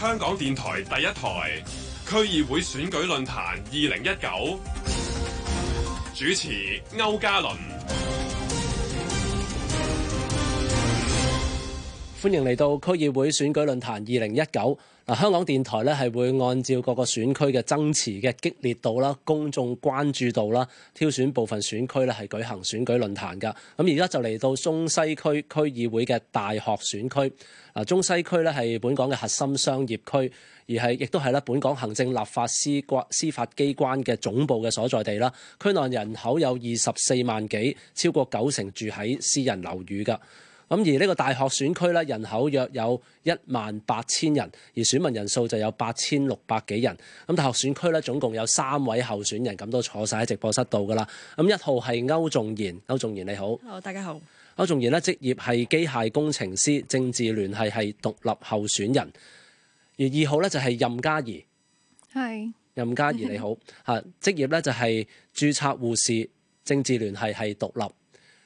香港電台第一台區議會選舉論壇二零一九，主持歐嘉倫，歡迎嚟到區議會選舉論壇二零一九。香港電台咧係會按照各個選區嘅爭持嘅激烈度啦、公眾關注度啦，挑選部分選區咧係舉行選舉論壇㗎。咁而家就嚟到中西區區議會嘅大學選區。嗱，中西區咧係本港嘅核心商業區，而係亦都係咧本港行政、立法、司法、司法機關嘅總部嘅所在地啦。區內人口有二十四萬幾，超過九成住喺私人樓宇㗎。咁而呢個大學選區咧，人口約有一萬八千人，而選民人數就有八千六百幾人。咁大學選區咧，總共有三位候選人，咁都坐晒喺直播室度噶啦。咁一號係歐仲賢，歐仲賢你好，Hello，大家好。歐仲賢呢職業係機械工程師，政治聯繫係獨立候選人。而二號呢，就係 Hi 任嘉怡，係任嘉怡你好嚇， 職業呢，就係註冊護士，政治聯繫係獨立。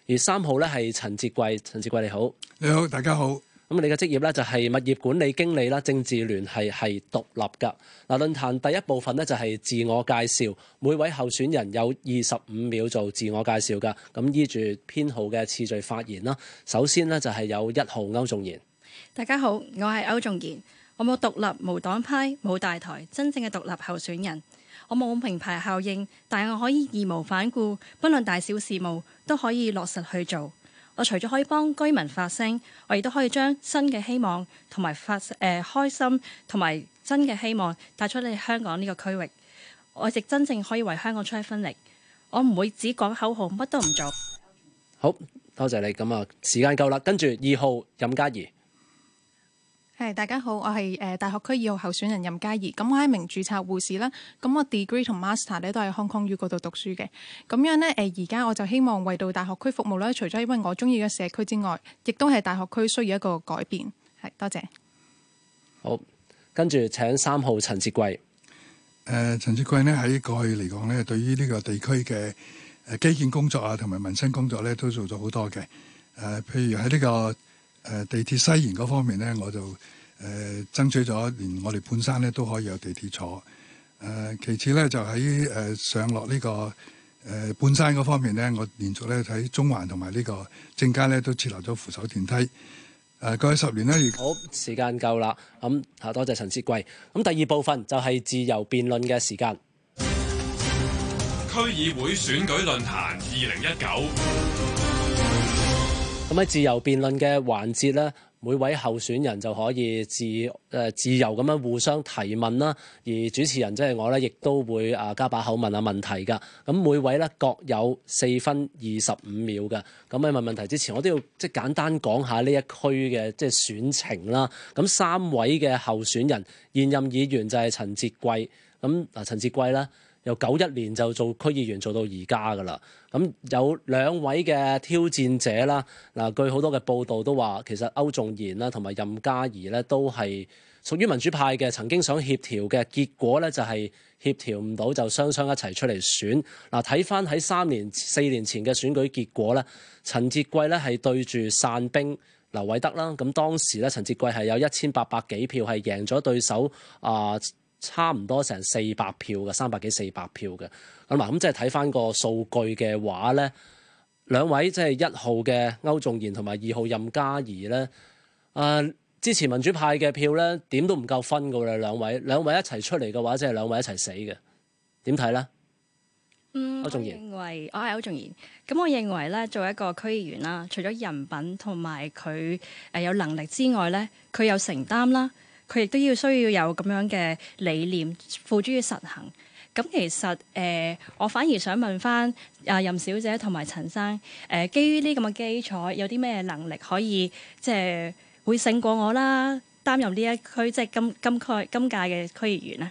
而三號咧係陳志貴，陳志貴你好，你好，大家好。咁你嘅職業咧就係物業管理經理啦，政治聯繫係獨立㗎。嗱，論壇第一部分呢，就係自我介紹，每位候選人有二十五秒做自我介紹㗎。咁依住編號嘅次序發言啦。首先呢，就係有一號歐仲賢，大家好，我係歐仲賢，我冇獨立冇黨派冇大台，真正嘅獨立候選人。我冇名牌效應，但係我可以義無反顧，不論大小事務都可以落實去做。我除咗可以幫居民發聲，我亦都可以將新嘅希望同埋發誒、呃、開心同埋真嘅希望帶出嚟香港呢個區域。我亦真正可以為香港出一分力。我唔會只講口號，乜都唔做。好多謝你咁啊！時間夠啦，跟住二號任嘉儀。係大家好，我係誒大學區二號候選人任嘉儀，咁我係一名註冊護士啦，咁我 Degree 同 Master 咧都喺 Hong Kong U 度讀書嘅，咁樣呢，誒而家我就希望為到大學區服務啦，除咗因為我中意嘅社區之外，亦都係大學區需要一個改變，係多謝。好，跟住請三號陳志貴。誒，陳志貴咧喺過去嚟講呢，對於呢個地區嘅誒基建工作啊，同埋民生工作呢，都做咗好多嘅，誒、呃，譬如喺呢、這個。誒、呃、地鐵西延嗰方面咧，我就誒、呃、爭取咗，連我哋半山咧都可以有地鐵坐。誒、呃、其次咧，就喺誒、呃、上落呢、這個誒、呃、半山嗰方面咧，我連續咧喺中環同埋呢個正街咧都設立咗扶手電梯。誒、呃、過去十年咧，好時間夠啦。咁、嗯、啊，多謝陳志貴。咁、嗯、第二部分就係自由辯論嘅時間。區議會選舉論壇二零一九。咁喺自由辯論嘅環節咧，每位候選人就可以自誒自由咁樣互相提問啦。而主持人即係、就是、我咧，亦都會啊加把口問下問題㗎。咁每位咧各有四分二十五秒㗎。咁喺問問題之前，我都要即係簡單講下呢一區嘅即係選情啦。咁三位嘅候選人現任議員就係陳捷貴。咁嗱，陳捷貴啦。由九一年就做區議員做到而家㗎啦，咁有兩位嘅挑戰者啦。嗱，據好多嘅報道都話，其實歐仲賢啦同埋任嘉兒咧都係屬於民主派嘅，曾經想協調嘅，結果咧就係協調唔到就雙雙一齊出嚟選。嗱，睇返喺三年四年前嘅選舉結果咧，陳捷貴咧係對住散兵劉偉德啦，咁當時咧陳捷貴係有一千八百幾票係贏咗對手啊。呃差唔多成四百票嘅，三百幾四百票嘅咁啊！咁、嗯、即係睇翻個數據嘅話咧，兩位即係一號嘅歐仲賢同埋二號任嘉儀咧，啊、呃、支持民主派嘅票咧，點都唔夠分噶啦！兩位，兩位一齊出嚟嘅話，即係兩位一齊死嘅，點睇咧？嗯，歐仲賢我認為我係歐仲賢，咁我認為咧，作為一個區議員啦，除咗人品同埋佢誒有能力之外咧，佢有承擔啦。佢亦都要需要有咁樣嘅理念付諸於實行。咁其實誒、呃，我反而想問翻啊，任小姐同埋陳生誒、呃，基於呢咁嘅基礎，有啲咩能力可以即係會勝過我啦，擔任呢一區即係今今屆今屆嘅區議員呢？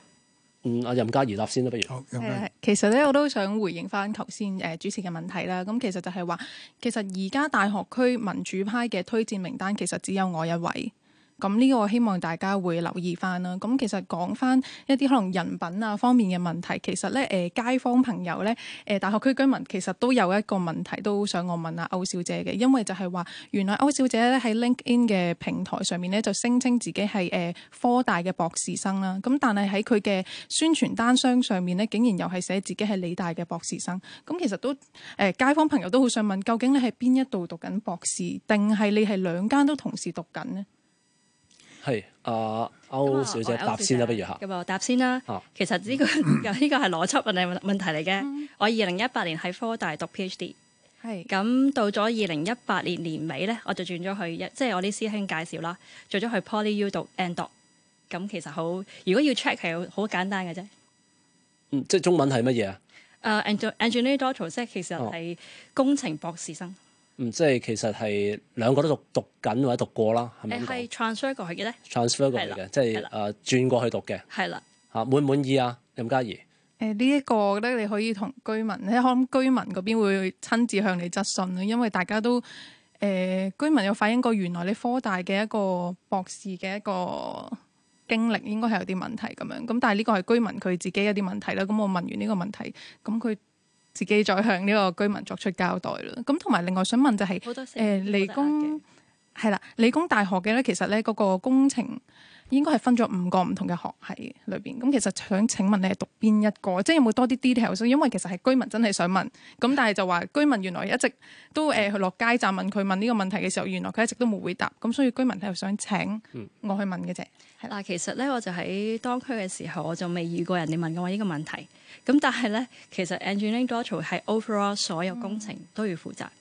嗯，阿任家怡答先啦，不如誒、呃，其實咧我都想回應翻頭先誒主持嘅問題啦。咁其實就係話，其實而家大學區民主派嘅推薦名單其實只有我一位。咁呢個我希望大家會留意翻啦。咁其實講翻一啲可能人品啊方面嘅問題，其實呢，誒、呃、街坊朋友呢，誒、呃、大學區居民其實都有一個問題都想我問阿歐小姐嘅，因為就係話原來歐小姐呢喺 LinkedIn 嘅平台上面呢，就聲稱自己係誒、呃、科大嘅博士生啦。咁但係喺佢嘅宣傳單箱上面呢，竟然又係寫自己係理大嘅博士生。咁、嗯、其實都誒、呃、街坊朋友都好想問，究竟你係邊一度讀緊博士，定係你係兩間都同時讀緊呢？係，阿、嗯、歐小姐先答先啦，不如嚇。咁啊、哦，答先啦。其實呢、這個又呢個係邏輯問題嚟嘅。嗯、我二零一八年喺科大讀 PhD，係咁到咗二零一八年年尾咧，我就轉咗去一，即、就、係、是、我啲師兄介紹啦，做咗去 PolyU 讀 EngD，咁其實好，如果要 check 係好簡單嘅啫、嗯。即係中文係乜嘢啊？誒、uh，Engineer Doctor 即係其實係工程博士生。哦嗯，即係其實係兩個都讀讀緊或者讀過啦，係咪咁講？你係 transfer 過去嘅咧？transfer 嚟嘅，即係誒轉過去讀嘅。係啦的，吓滿唔滿意啊？任嘉儀誒，呢一、呃這個咧，你可以同居民你可諗居民嗰邊會親自向你質詢啦，因為大家都誒、呃，居民有反映過，原來你科大嘅一個博士嘅一個經歷，應該係有啲問題咁樣。咁但係呢個係居民佢自己有啲問題啦。咁我問完呢個問題，咁佢。自己再向呢個居民作出交代啦。咁同埋另外想問就係誒，理工。係啦，理工大學嘅咧，其實咧嗰個工程應該係分咗五個唔同嘅學係裏邊。咁其實想請問你係讀邊一個？即係有冇多啲 detail？所以因為其實係居民真係想問，咁但係就話居民原來一直都誒去落街站問佢問呢個問題嘅時候，原來佢一直都冇回答。咁所以居民係想請我去問嘅啫。係嗱，其實咧我就喺當區嘅時候，我就未遇過人哋問過我呢個問題。咁但係咧，其實 Engineering Doctor 係 overall 所有工程都要負責。嗯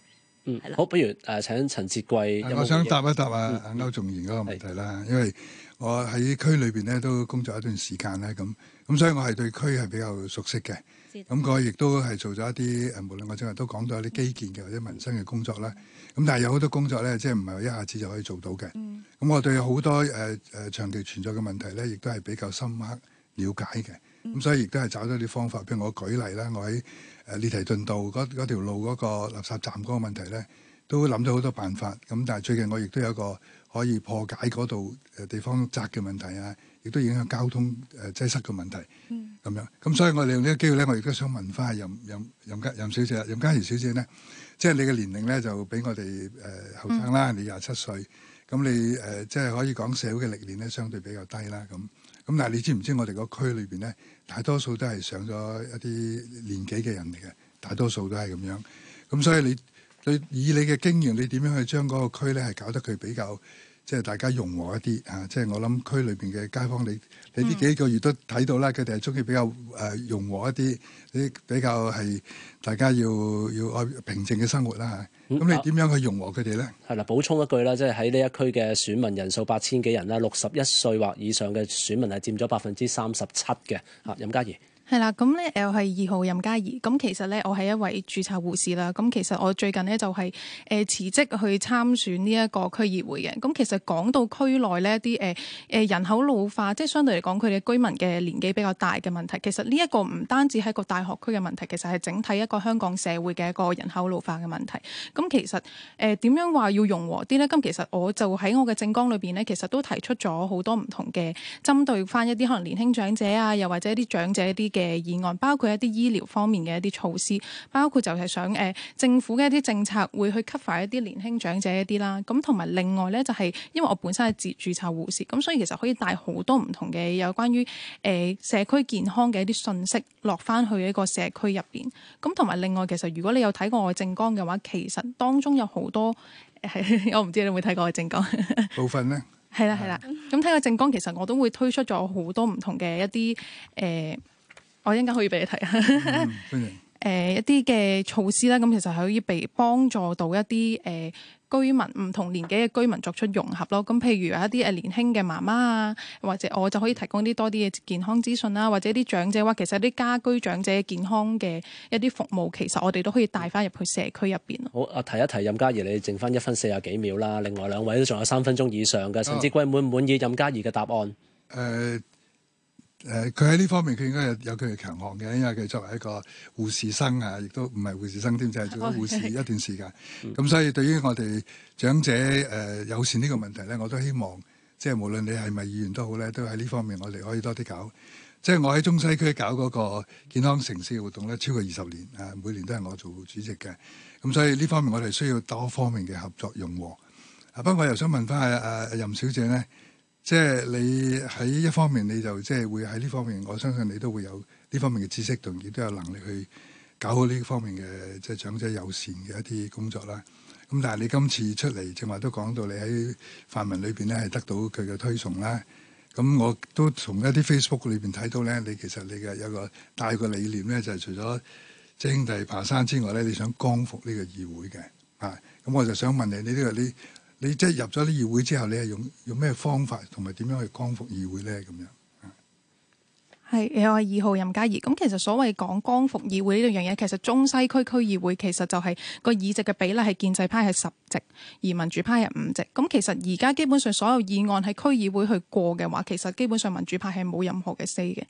嗯，好，不如誒、呃、請陳志桂，嗯、有有我想答一答啊歐仲賢嗰個問題啦，嗯嗯、因為我喺區裏邊咧都工作一段時間咧，咁咁所以我係對區係比較熟悉嘅，咁道我亦都係做咗一啲誒，無論我正話都講到一啲基建嘅或者民生嘅工作啦，咁、嗯、但係有好多工作咧，即係唔係一下子就可以做到嘅，咁、嗯、我對好多誒誒長期存在嘅問題咧，亦都係比較深刻了解嘅。咁、嗯、所以亦都係找到啲方法，譬如我舉例啦，我喺誒列堤頓道嗰嗰條路嗰個垃圾站嗰個問題咧，都諗到好多辦法。咁、嗯、但係最近我亦都有一個可以破解嗰度誒地方窄嘅問題啊，亦都影響交通誒擠塞嘅問題。咁、啊呃、樣，咁、嗯嗯、所以我利用個呢個機會咧，我亦都想問翻阿任任任任小姐，任嘉怡小姐咧，即係你嘅年齡咧就比我哋誒後生啦，你廿七歲咁你誒、呃、即係可以講社會嘅歷練咧相對比較低啦咁。嗯嗯咁但係你知唔知我哋個區裏邊呢，大多數都係上咗一啲年紀嘅人嚟嘅，大多數都係咁樣。咁所以你，對以你嘅經驗，你點樣去將嗰個區呢，係搞得佢比較？即係大家融和一啲嚇，即係我諗區裏邊嘅街坊，你你呢幾個月都睇到啦，佢哋係中意比較誒融和一啲，啲比較係大家要要愛平靜嘅生活啦，咁你點樣去融和佢哋咧？係啦、嗯啊，補充一句啦，即係喺呢一區嘅選民人數八千幾人啦，六十一歲或以上嘅選民係佔咗百分之三十七嘅。嚇、啊，任嘉怡。係啦，咁呢又係二號任嘉怡。咁、嗯、其實呢，我係一位註冊護士啦。咁、嗯、其實我最近呢，就係、是、誒、呃、辭職去參選呢一個區議會嘅。咁、嗯、其實講到區內呢啲誒誒人口老化，即係相對嚟講佢哋居民嘅年紀比較大嘅問題。其實呢一個唔單止係個大學區嘅問題，其實係整體一個香港社會嘅一個人口老化嘅問題。咁、嗯、其實誒點、呃、樣話要融和啲呢？咁、嗯、其實我就喺我嘅政綱裏邊呢，其實都提出咗好多唔同嘅針對翻一啲可能年輕長者啊，又或者一啲長者啲嘅嘅議案，包括一啲醫療方面嘅一啲措施，包括就係想誒、呃、政府嘅一啲政策會去 cover 一啲年輕長者一啲啦。咁同埋另外咧，就係、是、因為我本身係自註冊護士，咁、啊、所以其實可以帶好多唔同嘅有關於誒、呃嗯、社區健康嘅一啲信息落翻去一個社區入邊，咁同埋另外，其實如果你有睇過我嘅政綱嘅話，其實當中有好多係、呃、我唔知你有冇睇過我嘅政綱部分咧。係啦係啦，咁睇過政綱其實我都會推出咗好多唔同嘅一啲誒。嗯 comigo 我、 呃、應該可以俾你睇啊！呃、一啲嘅措施啦，咁其實係可以被幫助到一啲誒、呃、居民唔同年紀嘅居民作出融合咯。咁譬如有一啲誒年輕嘅媽媽啊，或者我就可以提供啲多啲嘅健康資訊啦，或者啲長者話其實啲家居長者嘅健康嘅一啲服務，其實我哋都可以帶翻入去社區入邊。好啊，提一提任嘉怡，你剩翻一分四十幾秒啦。另外兩位都仲有三分鐘以上嘅。陳志桂滿唔滿意任嘉怡嘅答案？誒、oh. 呃。誒佢喺呢方面佢應該有佢嘅強項嘅，因為佢作為一個護士生啊，亦都唔係護士生添，就係做咗護士 Okay. 一段時間。咁 所以對於我哋長者誒友善呢個問題呢，我都希望即係、就是、無論你係咪議員都好呢，都喺呢方面我哋可以多啲搞。即、就、係、是、我喺中西區搞嗰個健康城市活動呢，超過二十年啊，每年都係我做主席嘅。咁所以呢方面我哋需要多方面嘅合作用。不過我又想問翻阿阿任小姐呢。即係你喺一方面，你就即係會喺呢方面，我相信你都會有呢方面嘅知識，同亦都有能力去搞好呢方面嘅即係長者友善嘅一啲工作啦。咁但係你今次出嚟，正話都講到你喺泛民裏邊咧係得到佢嘅推崇啦。咁我都從一啲 Facebook 裏邊睇到咧，你其實你嘅有，個，有個大個理念咧，就係除咗即兄弟爬山之外咧，你想光復呢個議會嘅啊？咁我就想問你，你呢、這個你？你即係入咗啲議會之後，你係用用咩方法同埋點樣去光復議會呢？咁樣，係，我係二號任嘉怡。咁其實所謂講光復議會呢樣嘢，其實中西區區議會其實就係、是、個議席嘅比例係建制派係十席，而民主派係五席。咁其實而家基本上所有議案喺區議會去過嘅話，其實基本上民主派係冇任何嘅 say 嘅。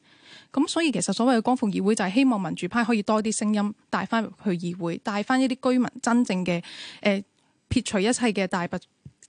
咁所以其實所謂嘅光復議會就係希望民主派可以多啲聲音帶翻去議會，帶翻一啲居民真正嘅誒、呃、撇除一切嘅大不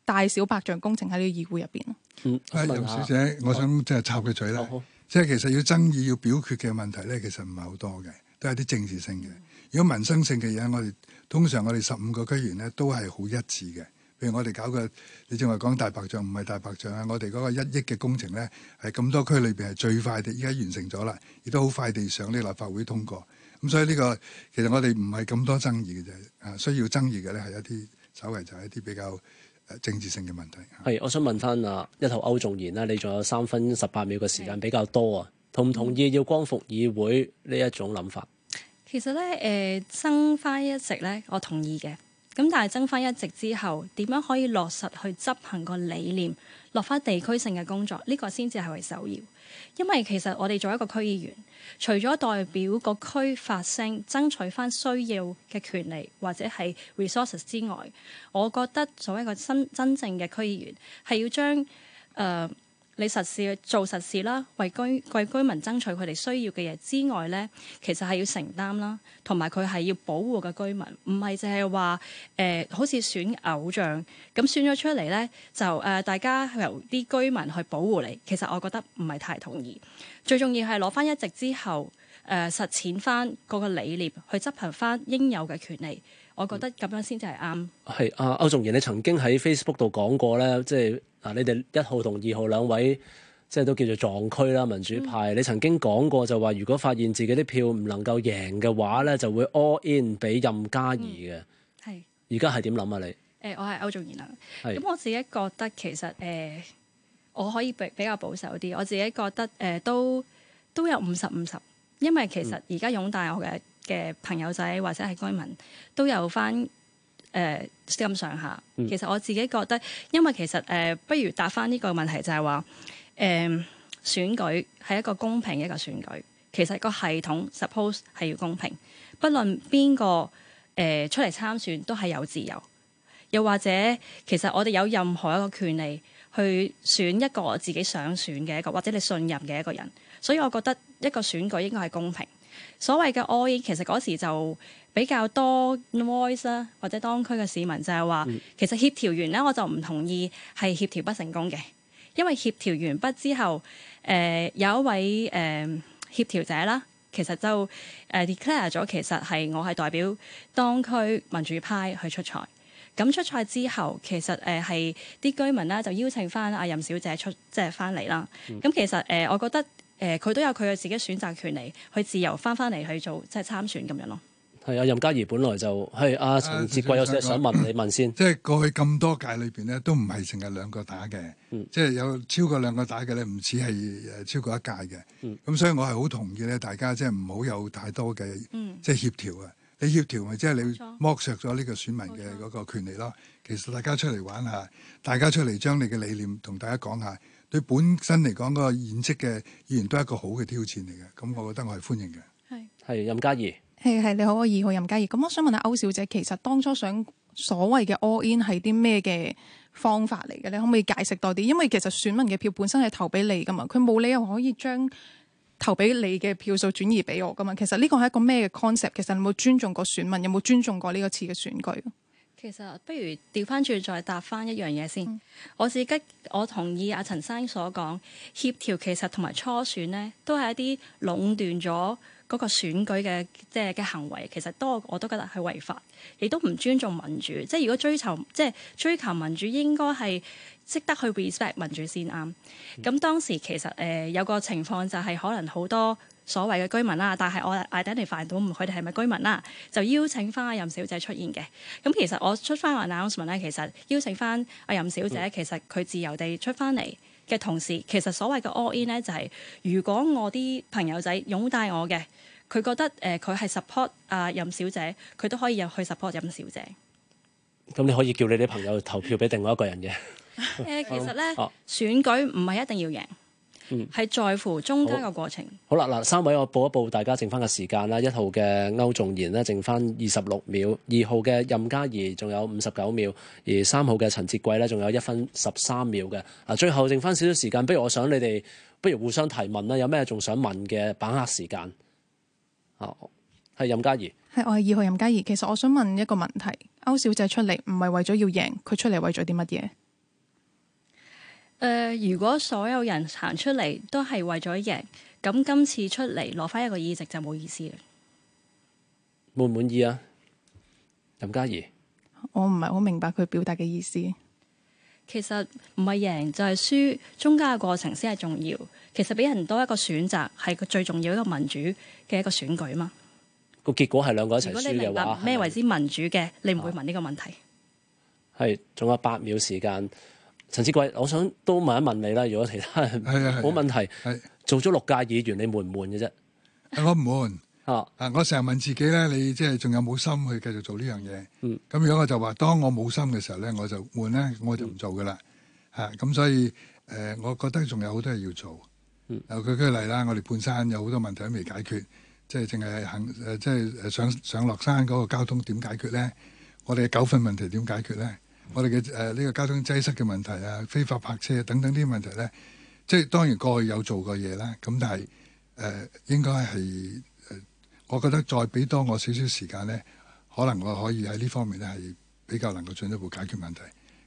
大小白象工程喺呢個議會入邊，阿楊、嗯呃、小姐，我想即係插個嘴啦。即係、哦、其實要爭議要表決嘅問題咧，其實唔係好多嘅，都係啲政治性嘅。如果民生性嘅嘢，我哋通常我哋十五個區員咧都係好一致嘅。譬如我哋搞個，你正話講大白象唔係大白象啊，我哋嗰個一億嘅工程咧係咁多區裏邊係最快地依家完成咗啦，亦都好快地上呢立法會通過。咁所以呢、這個其實我哋唔係咁多爭議嘅啫，啊需要爭議嘅咧係一啲稍微就係一啲比較。政治性嘅問題係，我想問翻啊，一號歐仲然啦，你仲有三分十八秒嘅時間比較多啊，同唔同意要光復議會呢一種諗法？其實咧，誒爭翻一席咧，我同意嘅。咁但係爭翻一席之後，點樣可以落實去執行個理念？落翻地區性嘅工作，呢、這個先至係為首要，因為其實我哋做一個區議員，除咗代表個區發聲、爭取翻需要嘅權利或者係 resources 之外，我覺得做一個真真正嘅區議員係要將誒。呃你實事做實事啦，為居為居民爭取佢哋需要嘅嘢之外咧，其實係要承擔啦，同埋佢係要保護嘅居民，唔係淨係話誒好似選偶像咁選咗出嚟咧，就誒、呃、大家由啲居民去保護你。其實我覺得唔係太同意。最重要係攞翻一席之後，誒、呃、實踐翻嗰個理念去執行翻應有嘅權利。我覺得咁樣先至係啱。係、嗯、啊，歐仲賢，你曾經喺 Facebook 度講過咧，即係。嗱、啊，你哋一號同二號兩位，即係都叫做撞區啦，民主派。嗯、你曾經講過就話，如果發現自己啲票唔能夠贏嘅話咧，就會 all in 俾任嘉兒嘅。係、嗯。而家係點諗啊？你？誒、呃，我係歐仲賢啊。係。咁我自己覺得其實誒、呃，我可以比比較保守啲。我自己覺得誒、呃，都都有五十五十，因為其實而家擁戴我嘅嘅朋友仔或者係居民都有翻。誒咁上下，嗯、其實我自己覺得，因為其實誒、呃，不如答返呢個問題就，就係話誒選舉係一個公平嘅一個選舉，其實個系統 suppose 係要公平，不論邊個誒出嚟參選都係有自由，又或者其實我哋有任何一個權利去選一個我自己想選嘅一個，或者你信任嘅一個人，所以我覺得一個選舉應該係公平。所謂嘅哀嘢，其實嗰時就比較多 noise 啦，或者當區嘅市民就係話，嗯、其實協調員咧，我就唔同意係協調不成功嘅，因為協調完畢之後，誒、呃、有一位誒、呃、協調者啦，其實就誒 declare 咗，呃、De 其實係我係代表當區民主派去出賽。咁出賽之後，其實誒係啲居民咧就邀請翻阿任小姐出即係翻嚟啦。咁、嗯嗯、其實誒、呃，我覺得。誒，佢、呃、都有佢嘅自己選擇權利，去自由返返嚟去做即係、就是、參選咁樣咯。係啊，任嘉兒本來就係阿陳志桂有、啊、想，說想問你問先，即係過去咁多屆裏邊咧，都唔係淨係兩個打嘅，即係、嗯、有超過兩個打嘅咧，唔止係誒超過一屆嘅。咁、嗯、所以我係好同意咧，大家即係唔好有太多嘅即係協調啊！嗯、你協調咪即係你剝削咗呢個選民嘅嗰個權利咯。嗯嗯、其實大家出嚟玩，玩下，大家出嚟將你嘅理念同大家講下。佢本身嚟講，個演職嘅議員都係一個好嘅挑戰嚟嘅，咁我覺得我係歡迎嘅。係係是任嘉怡，係係你好，我二號任嘉怡。咁我想問下歐小姐，其實當初想所謂嘅 all in 係啲咩嘅方法嚟嘅？你可唔可以解釋多啲？因為其實選民嘅票本身係投俾你噶嘛，佢冇理由可以將投俾你嘅票數轉移俾我噶嘛。其實呢個係一個咩嘅 concept？其實你有冇尊重過選民？有冇尊重過呢一次嘅選舉？其實不如調翻轉再答翻一樣嘢先。嗯、我自己我同意阿陳生所講協調其實同埋初選呢都係一啲壟斷咗嗰個選舉嘅即係嘅行為。其實都我都覺得係違法，亦都唔尊重民主。即係如果追求即係追求民主，應該係識得去 respect 民主先啱。咁、嗯、當時其實誒、呃、有個情況就係可能好多。所謂嘅居民啦，但係我 identify 唔到佢哋係咪居民啦，就邀請翻阿任小姐出現嘅。咁其實我出翻 announcement 咧，其實邀請翻阿任小姐，其實佢自由地出翻嚟嘅同時，其實所謂嘅 all in 呢、就是，就係如果我啲朋友仔擁戴我嘅，佢覺得誒佢係 support 阿任小姐，佢都可以入去 support 任小姐。咁你可以叫你啲朋友投票俾另外一個人嘅 呃。其實咧、oh. 選舉唔係一定要贏。係在乎中間嘅過程。嗯、好啦，嗱，三位我報一報，大家剩翻嘅時間啦。一號嘅歐仲賢咧，剩翻二十六秒；二號嘅任嘉儀仲有五十九秒；而三號嘅陳哲貴呢，仲有一分十三秒嘅。啊，最後剩翻少少時間，不如我想你哋，不如互相提問啦。有咩仲想問嘅？把握時間啊，係任嘉儀。係，我係二號任嘉儀，其實我想問一個問題：歐小姐出嚟唔係為咗要贏，佢出嚟為咗啲乜嘢？誒、呃，如果所有人行出嚟都係為咗贏，咁今次出嚟攞翻一個議席就冇意思啦。滿唔滿意啊？林嘉怡，我唔係好明白佢表達嘅意思。其實唔係贏就係、是、輸，中間嘅過程先係重要。其實俾人多一個選擇係最重要一個民主嘅一個選舉嘛。個結果係兩個一齊輸嘅話，如果你咩為之民主嘅？嗎你唔會問呢個問題。係，仲有八秒時間。陳志貴，我想都問一問你啦。如果其他冇問題，係做咗六屆議員，你悶唔悶嘅啫？我唔悶啊！我成日問自己咧，你即係仲有冇心去繼續做呢樣嘢？嗯，咁如果我就話，當我冇心嘅時候咧，我就悶咧，我就唔做噶啦。嚇，咁所以誒，我覺得仲有好多嘢要做。嗯，嗱，舉個例啦，我哋半山有好多問題都未解決，即係淨係行，即係上上落山嗰個交通點解決咧？我哋狗糞問題點解決咧？ 我哋嘅誒呢個交通擠塞嘅問題啊、非法泊車等等啲問題呢，即係當然過去有做過嘢啦，咁但係誒、呃、應該係，我覺得再俾多我少少時間呢，可能我可以喺呢方面呢係比較能夠進一步解決問題，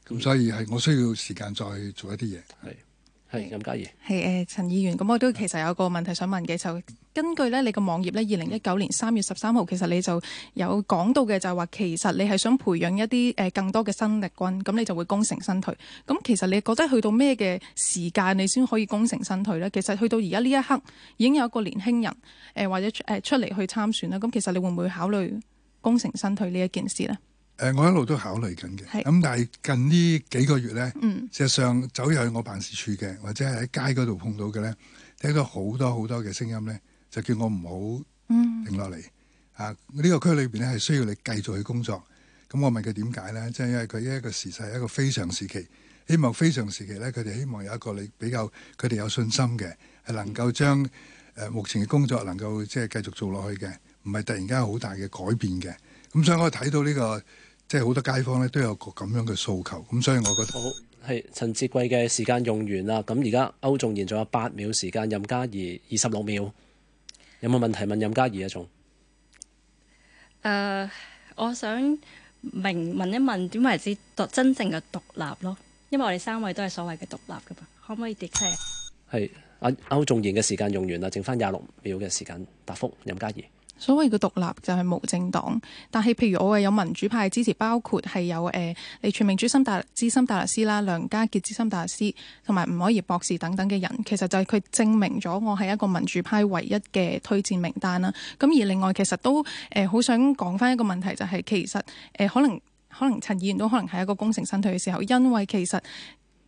咁所以係我需要時間再做一啲嘢。係。 係任嘉儀，係誒陳議員，咁我都其實有個問題想問嘅，就根據呢你個網頁呢，二零一九年三月十三號，其實你就有講到嘅，就係話其實你係想培養一啲誒更多嘅新力軍，咁你就會功成身退。咁其實你覺得去到咩嘅時間你先可以功成身退呢？其實去到而家呢一刻，已經有一個年輕人誒、呃、或者誒出嚟去參選啦。咁其實你會唔會考慮功成身退呢一件事呢？誒、呃，我一路都考慮緊嘅，咁是但係近呢幾個月咧，事、嗯、實上走入去我辦事處嘅，或者係喺街嗰度碰到嘅咧，聽到好多好多嘅聲音咧，就叫我唔好停落嚟啊！呢、這個區裏邊咧係需要你繼續去工作。咁我問佢點解咧？即、就、係、是、因為佢呢一個時勢，一個非常時期，希望非常時期咧，佢哋希望有一個你比較，佢哋有信心嘅，係、嗯、能夠將誒目前嘅工作能夠即係繼續做落去嘅，唔係突然間好大嘅改變嘅。咁、嗯、所以我以睇到呢、這個，即係好多街坊咧都有個咁樣嘅訴求。咁所以我覺得好係陳捷貴嘅時間用完啦。咁而家歐仲賢仲有八秒時間，任嘉兒二十六秒，有冇問題問任嘉兒啊？仲誒，我想明問一問，點為之獨真正嘅獨立咯？因為我哋三位都係所謂嘅獨立噶嘛，可唔可以啲聲？係歐仲賢嘅時間用完啦，剩翻廿六秒嘅時間答覆任嘉兒。所謂嘅獨立就係無政黨，但係譬如我係有民主派支持，包括係有誒，李、呃、全民主心大資深大律師啦，梁家傑資深大律師同埋吳靄儀博士等等嘅人，其實就係佢證明咗我係一個民主派唯一嘅推薦名單啦。咁、啊、而另外其實都誒好、呃、想講翻一個問題，就係、是、其實誒、呃、可能可能陳議員都可能係一個功成身退嘅時候，因為其實。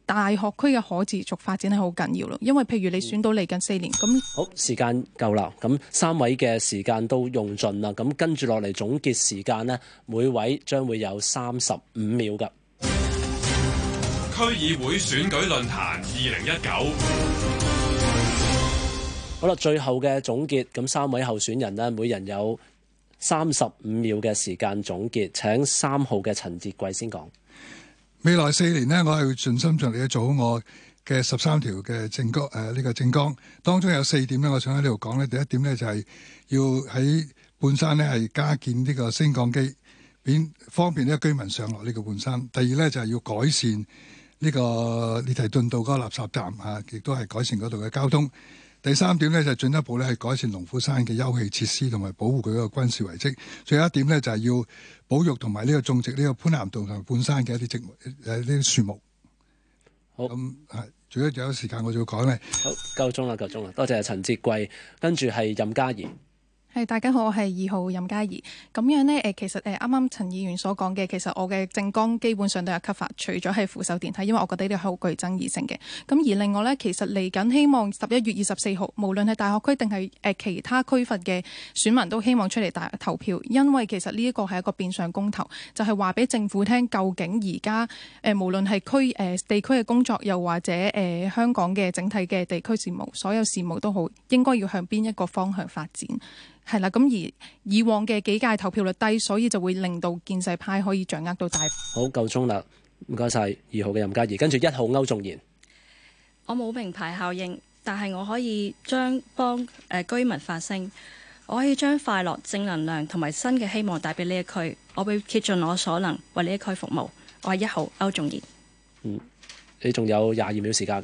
大學區嘅可持續發展係好緊要咯，因為譬如你選到嚟近四年咁。好，時間夠啦，咁三位嘅時間都用盡啦，咁跟住落嚟總結時間呢，每位將會有三十五秒噶。區議會選舉論壇二零一九，好啦，最後嘅總結，咁三位候選人呢，每人有三十五秒嘅時間總結，請三號嘅陳捷貴先講。未來四年咧，我係會盡心盡力做好我嘅十三條嘅政綱誒，呢、呃這個政綱當中有四點咧，我想喺呢度講咧。第一點咧就係要喺半山咧係加建呢個升降機，便方便呢個居民上落呢個半山。第二咧就係要改善呢個列堤頓道嗰個垃圾站啊，亦都係改善嗰度嘅交通。第三點咧就係、進一步咧係改善龍虎山嘅休憩設施，同埋保護佢嗰個軍事遺蹟。最後一點咧就係、係、要保育同埋呢個種植呢、呢個潘南道同半山嘅一啲植物，誒呢啲樹木。好，咁啊，仲有仲有時間，我就要講咧。好，夠鐘啦，夠鐘啦，多謝陳哲貴，跟住係任嘉怡。大家好，我係二號任嘉怡。咁樣呢，誒，其實誒，啱啱陳議員所講嘅，其實我嘅政綱基本上都有 cover，除咗係扶手電梯，因為我覺得呢個好具爭議性嘅。咁而另外呢，其實嚟緊希望十一月二十四號，無論係大學區定係誒其他區份嘅選民都希望出嚟打投票，因為其實呢一個係一個變相公投，就係話俾政府聽，究竟而家誒，無論係區誒、呃、地區嘅工作，又或者誒、呃、香港嘅整體嘅地區事務，所有事務都好應該要向邊一個方向發展。係啦，咁而以往嘅幾屆投票率低，所以就會令到建制派可以掌握到大。好，夠鐘啦，唔該晒。二號嘅任嘉怡，跟住一號歐仲賢。我冇名牌效應，但係我可以將幫誒、呃、居民發聲，我可以將快樂、正能量同埋新嘅希望帶俾呢一區。我會竭盡我所能為呢一區服務。我係一號歐仲賢。嗯，你仲有廿二秒時間。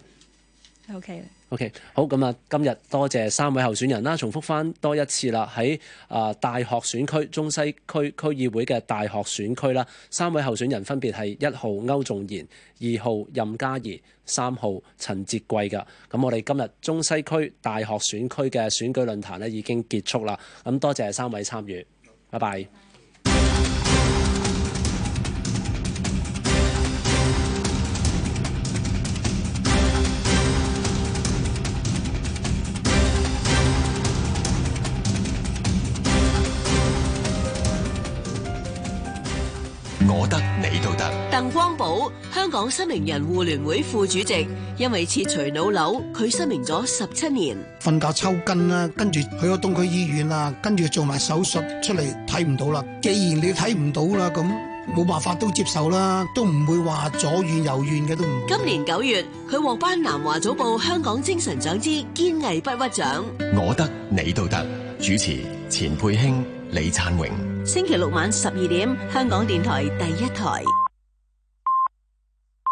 O K，O K，好咁啊！今日多謝三位候選人啦，重複翻多一次啦，喺啊大學選區中西區區議會嘅大學選區啦，三位候選人分別係一號歐仲賢、二號任嘉怡、三號陳哲貴㗎。咁我哋今日中西區大學選區嘅選舉論壇咧已經結束啦。咁多謝三位參與，拜拜。鄧光寶，香港失明人互聯會副主席，因為切除腦瘤，佢失明咗十七年。瞓覺抽筋啦，跟住去咗東區醫院啦，跟住做埋手術出嚟，睇唔到啦。既然你睇唔到啦，咁冇辦法都接受啦，都唔會話左怨右怨嘅都。今年九月，佢獲頒南華早報香港精神獎之堅毅不屈獎。我得你都得，主持：錢佩卿、李燦榮。星期六晚十二點，香港電台第一台。